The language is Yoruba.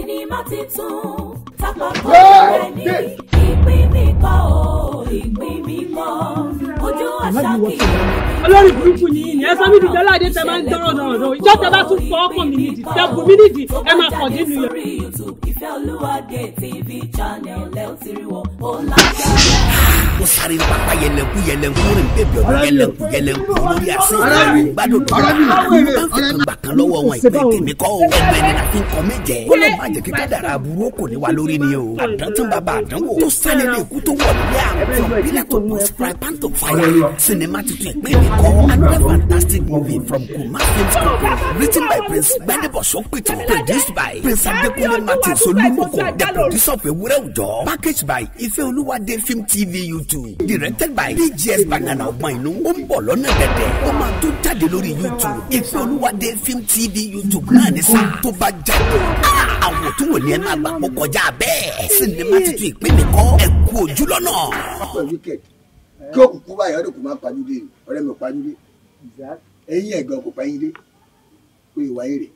sinimá titun tápapọ̀ rẹ̀ ní ìpín mi kọ́ ìpín olórí burúkú ni yìí ni ẹ sọ mí dìjọ́ láàdé tẹ máa ń dọ́rọ̀ náà rọ ìjọ́ tẹ bá tún fọ ọkàn mi nìdí tẹ bù mí nìdí ẹ máa kọ̀ nínú yẹn. ìfẹ́ olúwàdé tv channel ẹ̀ ó ti rí wọn pápá yẹlẹnku yẹlẹnku rìn bèbè ọdún yẹlẹnku yẹlẹnku lórí àṣẹ ìlú gbádùn tó wà bá fi kan kan lọ́wọ́ wọn ìgbẹ tèmi kọ o ẹgbẹ ni la ń kọ mí jẹ ó lè má jẹ kíkẹ dara aburú kò ní wa lórí ni o àdántún bàbá àdánwò tó sálẹ lè kú tó wọ nílé àwọn bílẹ̀ tó mú sprite panto fire Cinema to take baby another fantastic movie from Kumar Films Company. Written by Prince Gbadebo Sopitu. Produced by Prince Adekunle Martin Solumoko. The producer of Ewúrẹ́ Òjọ́. Packaged by Ife Oluwade Film TV YouTube. Directed by BGS Banana Ọgbọ̀nìnú. Ó ń bọ̀ lọ́nà dẹ̀dẹ̀. Ó máa tó jáde lórí YouTube. Ife Oluwade Film TV YouTube náà ní sáà tó bá jáde. Ah, Àwọn tó wò ní ẹ máa gbà kó kọjá bẹ́ẹ̀. Cinema tuntun ìpínlẹ̀ kọ́ ẹ̀kú ojúlọ́nà kí òkùnkùn báyìí ọdún kò máa pàdúdé ọ̀rẹ́ mi ò pàdúdé ẹ̀yìn ẹ̀gbọ́n kò pàyín dé pé ìwà èrè.